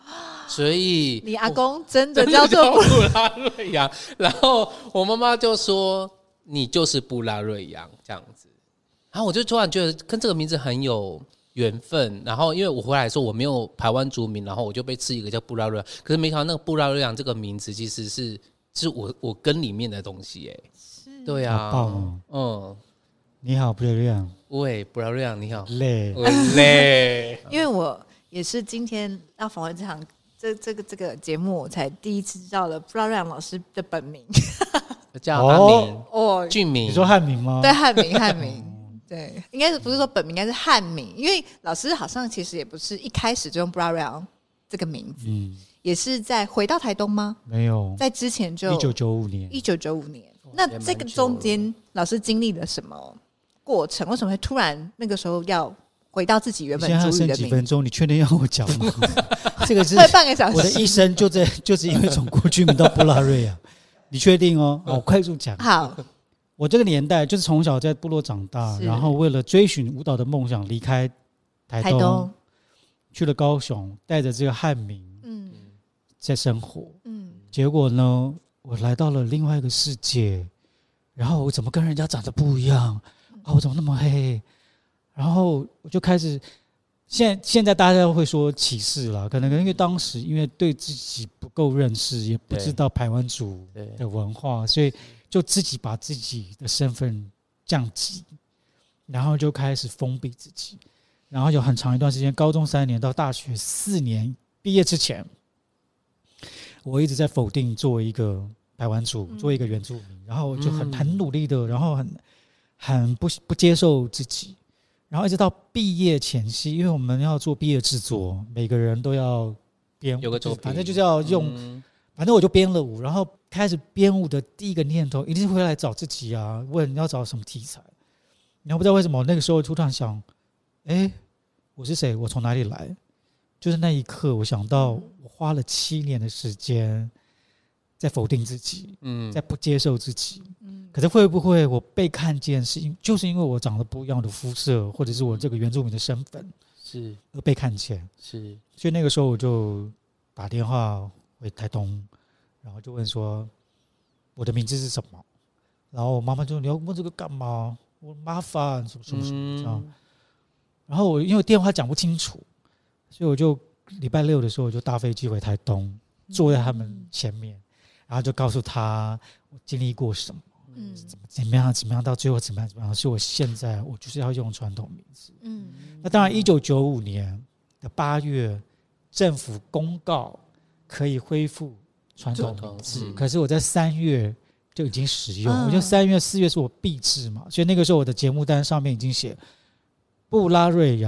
所以你阿公真的叫做布拉瑞揚，然後我媽媽就說。你就是布拉瑞揚這樣子，然後我就突然覺得跟這個名字很有緣分。然後因為我回來說我沒有排灣族名，然後我就被賜一個叫布拉瑞揚。可是沒想到那個布拉瑞揚這個名字其實是是我我跟裡面的東西哎、欸，是，對啊，哦、喔！嗯、你好，布拉瑞揚，喂，布拉瑞揚，你好，累，累。 因為我也是今天要訪問這場這這個這個節目，我才第一次知道了布拉瑞揚老師的本名。 叫漢名哦，俊明，你說漢名嗎？對，漢名，漢名，對，應該是不是說本名應該是漢名？因為老師好像其實也不是一開始就用布拉瑞揚這個名字，嗯，也是在回到台東嗎？沒有，在之前就一九九五年，一九九五年，哦、那這個中間老師經歷了什麼過程？為什麼會突然那個時候要回到自己原本的名？現在還剩幾分鐘？你確定要我講嗎？嗎 這個是快半個小時，我的一生就在 就是因為從郭俊明到布拉瑞揚。你確定哦？我快速講。好，我這個年代就是從小在部落長大，是然後為了追尋舞蹈的夢想離開台東，台東去了高雄，帶着這個漢民嗯，在生活嗯。結果呢，我來到了另外一個世界，然後我怎麼跟人家長得不一樣啊？我怎麼那麼黑？然後我就開始。現在現在大家都會說歧視了，可能因為當時因為對自己不夠認識，也不知道排灣族的文化，所以就自己把自己的身份降級，然後就開始封閉自己，然後有很長一段時間，高中三年到大學四年畢業之前，我一直在否定作為一個排灣族，作為一個原住民，嗯、然後就很很努力的，然後很很不不接受自己。然後一直到畢業前夕，因為我們要做畢業制作，每個人都要編有個作品，反正就是要用，嗯、反正我就編了舞。然後開始編舞的第一個念頭，一定是回來找自己啊，問你要找什麼題材。然後不知道為什麼那個時候突然想，哎，我是誰？我從哪裡來？就是那一刻，我想到我花了七年的時間。在否定自己，嗯，在不接受自己，嗯。可是會不會我被看見，是因就是因為我長得不一樣的膚色，或者是我這個原住民的身份，是而被看見，是。是所以那個時候我就打電話回台東，然後就問說我的名字是什麼？然後我媽媽就說，你要問這個幹嘛？我麻煩，什麼什麼什麼，什麼、嗯。然後我因為電話講不清楚，所以我就禮拜六的時候我就搭飛機回台東，嗯、坐在他們前面。然後就告訴他我經歷過什麼，嗯，怎麼樣，怎麼樣，到最後怎麼樣，怎麼樣？是我現在我就是要用傳統名字，嗯。那當然，一九九五年的八月，政府公告可以恢復傳統名字，嗯、可是我在三月就已經使用，因為三月四月是我畢製嘛，嗯、所以那個時候我的節目單上面已經寫布拉瑞揚，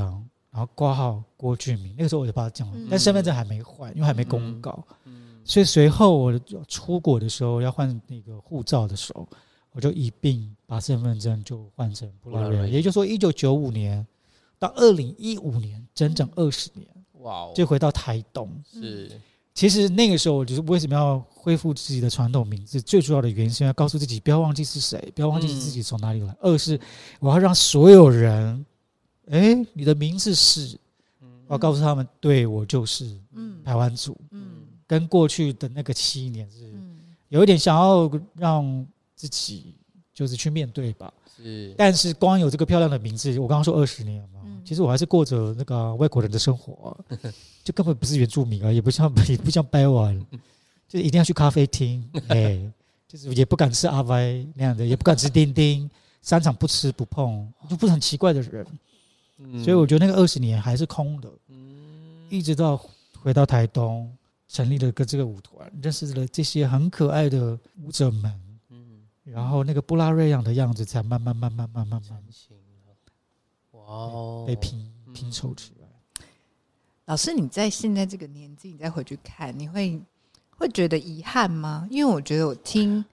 然後括號郭俊明。那個時候我就把它講了，嗯、但身份證還沒換，因為還沒公告。嗯嗯所以隨後我出國的時候，要換那個護照的時候，我就一併把身份證就換成布拉瑞揚。也就是說，一九九五年到二零一五年整整二十年，哇！就回到台東。是，其實那個時候，我就是為什麼要恢復自己的傳統名字，最主要的原因，是要告訴自己不要忘記是誰，不要忘記是自己從哪裡來。二是我要讓所有人，哎，你的名字是，我要告訴他們，對我就是，嗯，排灣族，嗯，嗯。嗯跟過去的那個七年是，有一點想要讓自己就是去面對吧，是。但是光有這個漂亮的名字，我剛剛說二十年嘛，其實我還是過着那個外國人的生活，啊，就根本不是原住民啊，也不像，也不像排灣，就一定要去咖啡廳，哎，就是也不敢吃阿歪那樣的，也不敢吃釘釘，山產不吃不碰，就不是，很奇怪的人。所以我覺得那個二十年還是空的，一直到回到台東。成立了個這個舞團，認識了這些很可愛的舞者們，嗯，然後那個布拉瑞揚的樣子才慢慢慢慢慢慢慢慢成型，哇哦，被拼拼湊起來，嗯嗯。老師，你在現在這個年紀，你再回去看，你會會覺得遺憾嗎？因為我覺得我聽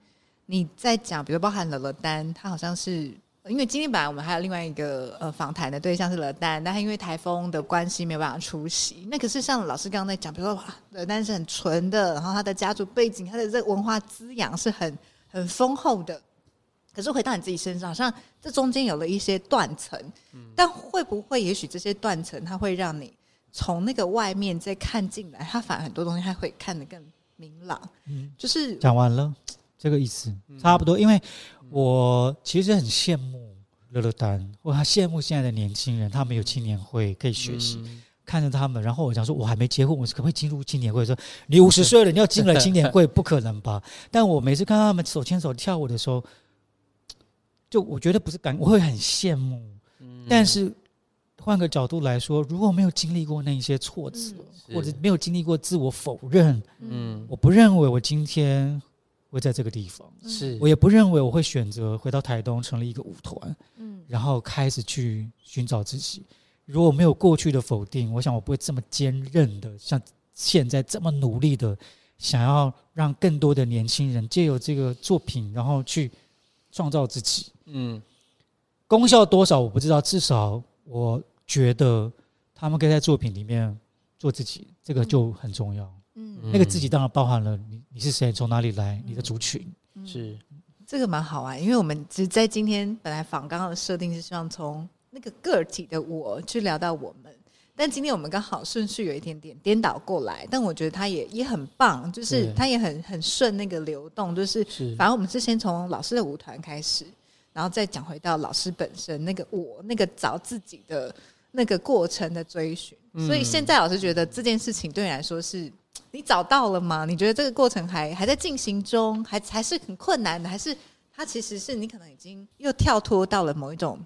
你在講，比如包含磊勒丹，他好像是。因為今天本來我們還有另外一個呃訪談的對象是磊勒丹，但他因為台風的關係沒有辦法出席。那可是像老師剛剛在講，比如說磊勒丹是很純的，然後他的家族背景、他的這個文化滋養是很很豐厚的。可是回到你自己身上，好像這中間有了一些斷層。嗯、但會不會也許這些斷層，它會讓你從那個外面再看進來，它反而很多東西它會看得更明朗。嗯，就是講完了。這個意思差不多，因為我其實很羨慕磊勒丹，我很羨慕現在的年輕人，他們有青年會可以學習，嗯、看着他們，然後我想說，我還沒結婚，我是可不可以進入青年會。說你五十歲了，是你要進了青年會， 不可能吧？但我每次看到他們手牽手跳舞的時候，就我覺得不是感，我會很羨慕。嗯、但是換個角度來說，如果沒有經歷過那些挫折，嗯、或者沒有經歷過自我否認，嗯，我不認為我今天。會在這個地方。是我也不認為我會選擇回到台東成立一個舞團，嗯，然後開始去尋找自己。如果沒有過去的否定，我想我不會這麼堅韌的，像現在這麼努力的，想要讓更多的年輕人借由這個作品，然後去創造自己。嗯，功效多少我不知道，至少我覺得他們可以在作品裡面做自己，這個就很重要。嗯，那個自己當然包含了你。你是誰？從哪裡來？你的族群、嗯、是、嗯、這個蠻好啊，因為我們其實在今天本來仿剛剛的設定是希望從那個個體的我去聊到我們，但今天我們剛好順序有一點點顛倒過來，但我覺得他也也很棒，就是他也很很順那個流動，就是反正我們是先從老師的舞團開始，然後再講回到老師本身那個我那個找自己的那個過程的追尋，所以現在老師覺得這件事情對你來說是。你找到了嗎？你覺得這個過程還還在進行中，還還是很困難的，還是他其實是你可能已經又跳脫到了某一種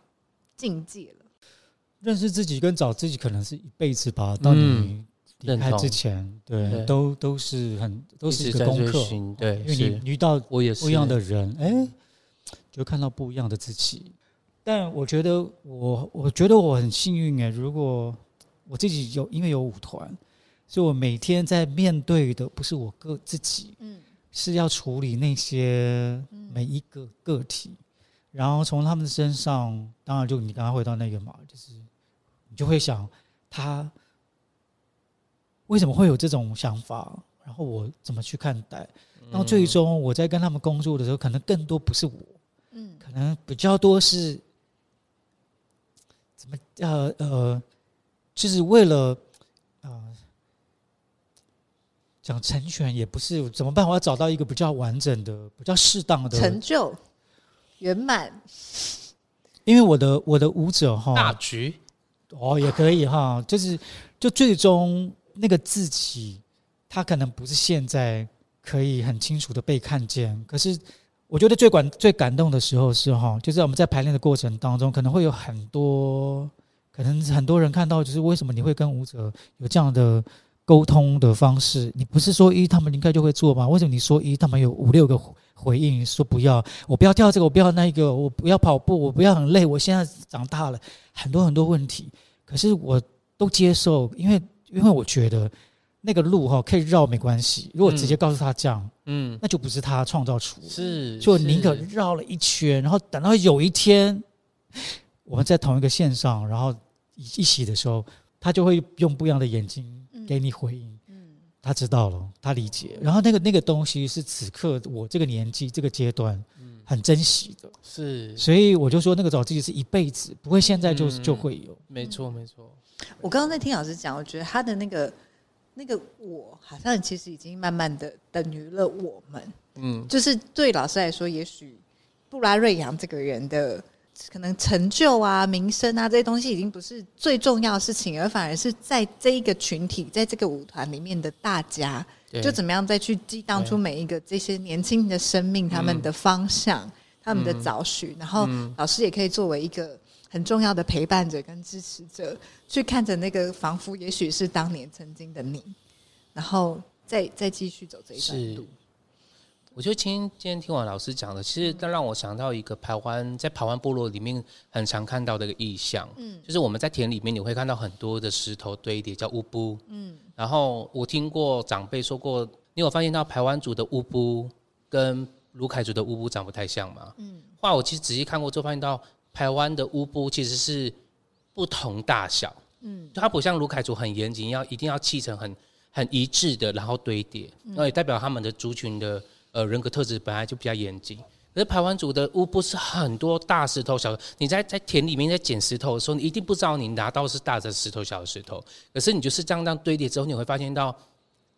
境界了？認識自己跟找自己可能是一輩子吧。當你離開之前，嗯、對，對對都都是很都是一個功課。對，因為你遇到不一樣的人，誒，欸、就看到不一樣的自己。但我覺得我我覺得我很幸運誒、欸。如果我自己有因為有舞團。所以我每天在面對的不是我個自己，嗯，是要處理那些每一個個體，嗯，然後從他們身上，當然就你剛剛回到那個嘛，就是你就會想他為什麼會有這種想法，然後我怎麼去看待？嗯，然後最終我在跟他們工作的時候，可能更多不是我，嗯，可能比較多是怎麼呃呃，就是為了。想成全也不是怎麼辦？我要找到一個比較完整的、比較適當的成就圓滿。因為我的我的舞者哈大局哦也可以哈，就是就最終那個自己，他可能不是現在可以很清楚的被看見。可是我覺得最感最感動的時候是哈，就是在我們在排練的過程當中，可能會有很多，可能很多人看到，就是為什麼你會跟舞者有這樣的。溝通的方式，你不是說一他們應該就會做嗎？為什麼你說一他們有五六個回應說不要？我不要跳這個，我不要那個，我不要跑步，我不要很累。我現在長大了，很多很多問題，可是我都接受，因為因為我覺得那個路哈可以繞沒關係。如果直接告訴他這樣，嗯，那就不是他創造出是，就寧可繞了一圈，然後等到有一天我們在同一個線上，然後一起的時候，他就會用不一樣的眼睛。給你回應，嗯，他知道了，他理解。然後那個那個東西是此刻我這個年紀這個階段，嗯，很珍惜的，嗯、是。所以我就說那個早自習是一輩子，不會現在就是嗯、就會有。嗯、沒錯沒錯。我剛剛在聽老師講，我覺得他的那個那個我好像其實已經慢慢的等於了我們，嗯，就是對老師來說，也許布拉瑞揚這個人的。可能成就啊、名聲啊這些東西，已經不是最重要的事情，而反而是在這一個群體、在這個舞團裡面的大家，對就怎麼樣再去激盪出每一個這些年輕的生命他們的方向、嗯、他們的找尋，嗯、然後老師也可以作為一個很重要的陪伴者跟支持者，去看着那個仿佛也許是當年曾經的你，然後再再繼續走這一段路。我就聽，今天聽完老師講的，其實都讓我想到一個排灣，在排灣部落裡面很常看到的一個意象。嗯，就是我們在田裡面你會看到很多的石頭堆疊，叫烏布，嗯，然後我聽過長輩說過，你有發現到排灣族的烏布跟盧凱族的烏布長不太像嗎？嗯，話我其實仔細看過之後，發現到排灣的烏布其實是不同大小，嗯，就它不像盧凱族很嚴謹，要一定要砌成很很一致的，然後堆疊，那、嗯、也代表他們的族群的。呃，人格特質本來就比較嚴謹。可是排灣族的烏布是很多大石頭、小，你在在田裡面在撿石頭的時候，你一定不知道你拿到的是大的石頭、小的石頭。可是你就是這樣這樣堆疊之後，你會發現到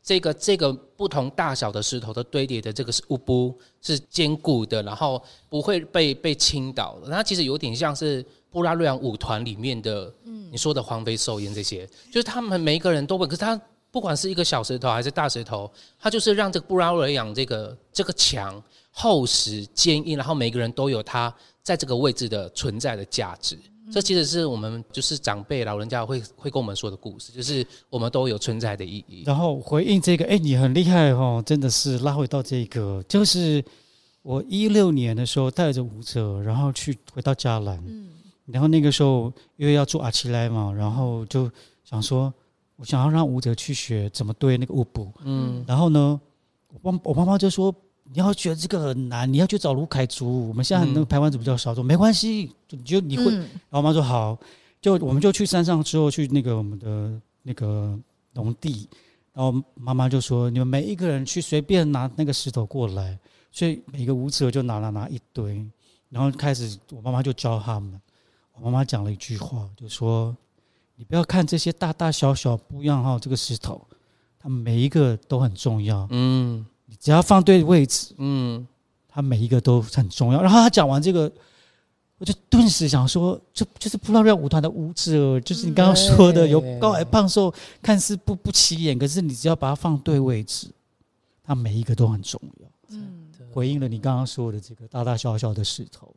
這個這個不同大小的石頭的堆疊的這個是烏布是堅固的，然後不會被被傾倒的。那其實有點像是布拉瑞揚舞團裡面的，嗯，你說的黃飛獸演這些，嗯、就是他們每一個人都會，可是他。不管是一個小石頭還是大石頭，它就是讓這個布拉瑞揚這個這個牆厚實堅硬，然後每個人都有他在這個位置的存在的價值。嗯、這其實是我們就是長輩老人家會會跟我們說的故事，就是我們都有存在的意義。然後回應這個，哎、欸，你很厲害哦，真的是拉回到這個，就是我一六年的時候帶着舞者，然後去回到嘉蘭，嗯，然後那個時候因為要做阿奇萊嘛，然後就想說。嗯我想要讓舞者去學怎麼堆那個物補，嗯，然後呢，我我媽媽就說你要覺得這個很難，你要去找魯凱族。我們現在那個排灣族比較少，說沒關係，就你會。嗯、然後我媽說好，就我們就去山上之後去那個我們的那個農地，然後媽媽就說你們每一個人去隨便拿那個石頭過來，所以每一個舞者就拿拿拿一堆，然後開始我媽媽就教他們，我媽媽講了一句話，就說。你不要看這些大大小小不一樣哈、哦，這個石頭，它每一個都很重要。嗯，你只要放對位置，嗯，它每一個都很重要。然後他講完這個，我就頓時想說，就就是布拉瑞揚舞團的舞者、哦，就是你剛剛說的、嗯、對、有高矮胖瘦，看似不不起眼，可是你只要把它放對位置，它每一個都很重要。嗯，回應了你剛剛說的這個大大小小的石頭。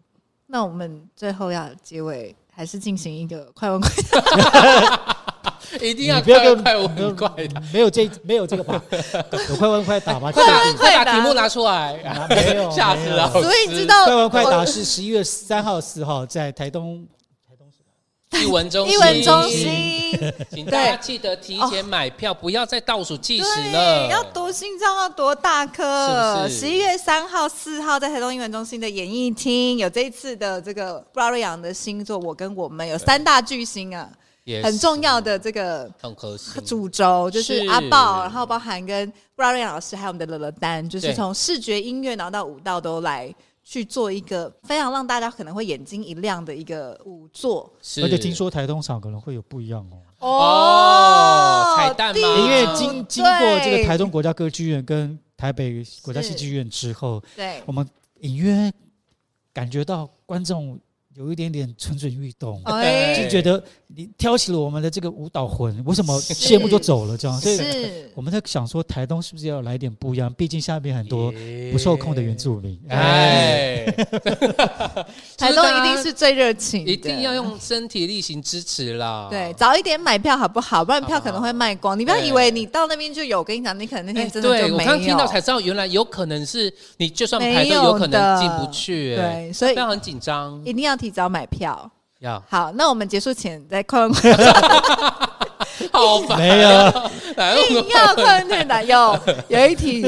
那我們最後要結尾。還是進行一個快問快答， 一定要快問快答、嗯、不要跟快問快答、嗯、沒有這沒有這，沒有這個吧？ 有快問快答嗎？ 快問打實快答題目拿出來，啊、沒有，下次啊，有所以知道快問快答是十一月三號、四號在台東。 藝 文中心，請大家記得提前買票，不要再倒數計時了。要多心臟要多大顆？十一月三號、四號在台東藝文中心的演藝廳有這一次的這個布拉瑞揚的新作。我跟我們有三大巨星啊，也很重要的這個主軸就是阿爆，然後包含跟布拉瑞揚老師還有我們的磊勒丹，就是從視覺音、音樂然後到舞蹈都來。去做一個非常讓大家可能會眼睛一亮的一個舞作。是而且聽說台東場可能會有不一樣哦。哦，彩蛋嗎？因為經經過這個台中國家歌劇院跟台北國家戲劇院之後，對，我們隱約感覺到觀眾。有一點點蠢蠢欲動，就覺得你挑起了我們的這個舞蹈魂，為什麼謝幕就走了這樣？是我們在想說台東是不是要來點不一樣？畢竟下面很多不受控的原住民，哎，台東一定是最熱情，一定要用身體力行支持啦。對，早一點買票好不好？不然票可能會賣光。你不要以為你到那邊就有，跟你講，你可能那天真的就沒有，對，我剛聽到才知道，原來有可能是你就算台東有可能進不去，欸，對，所以要很緊張，一定要提。只要買票要好，那我們結束前再快問快答。 好，煩。沒有硬要快問快答，有有一題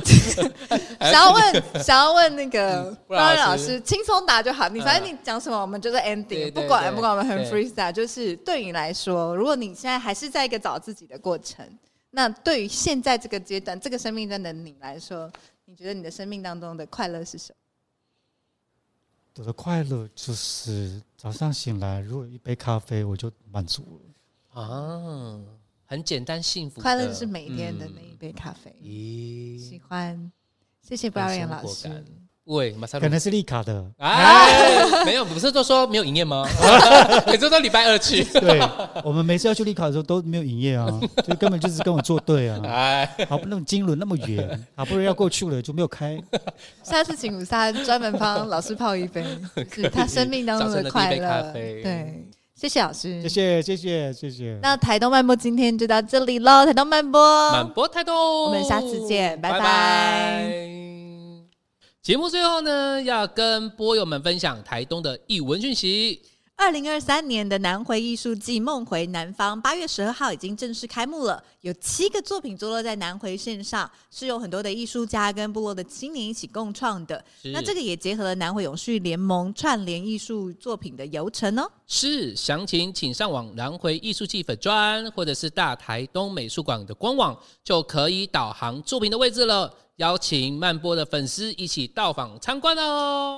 想要問， 想要問那個布拉瑞揚、 嗯、老,老師，輕鬆答就好。嗯、你反正你講什麼，我們就是 ending，不管不管我們很 freestyle 對。就是對你來說，如果你現在還是在一個找自己的過程，那對於現在這個階段、這個生命在等,等你來說，你覺得你的生命當中的快樂是什麼？我的快樂就是早上醒來，如果一杯咖啡我就滿足了啊，很簡單幸福，快樂就是每一天的那一杯咖啡，嗯、喜歡。謝謝布拉瑞揚老師。餵，可能是麗卡的。哎，沒有，不是都說沒有營業嗎？每周都禮拜二去。對，我們每次要去麗卡的時候都沒有營業啊，就根本就是跟我作對啊！哎，好，那麼經輪那麼遠，好不容易要過去了就沒有開。下次請武三專門幫老師泡一杯，是他生命當中的快樂。對，謝謝老師，謝謝謝謝謝謝。那台東漫播今天就到這裡嘍，台東漫播，漫播台東，我們下次見，拜拜。節目最後呢，要跟波友們分享台東的藝文訊息。二零二三年的南回藝術季“夢回南方”八月十二號已經正式開幕了，有七個作品坐落在南回線上，是有很多的藝術家跟部落的青年一起共創的。是那這個也結合了南回永續聯盟串聯藝術作品的遊程哦。是，詳情請上網南回藝術季粉專，或者是大台東美術館的官網，就可以導航作品的位置了。邀請漫波的粉絲一起到訪參觀哦。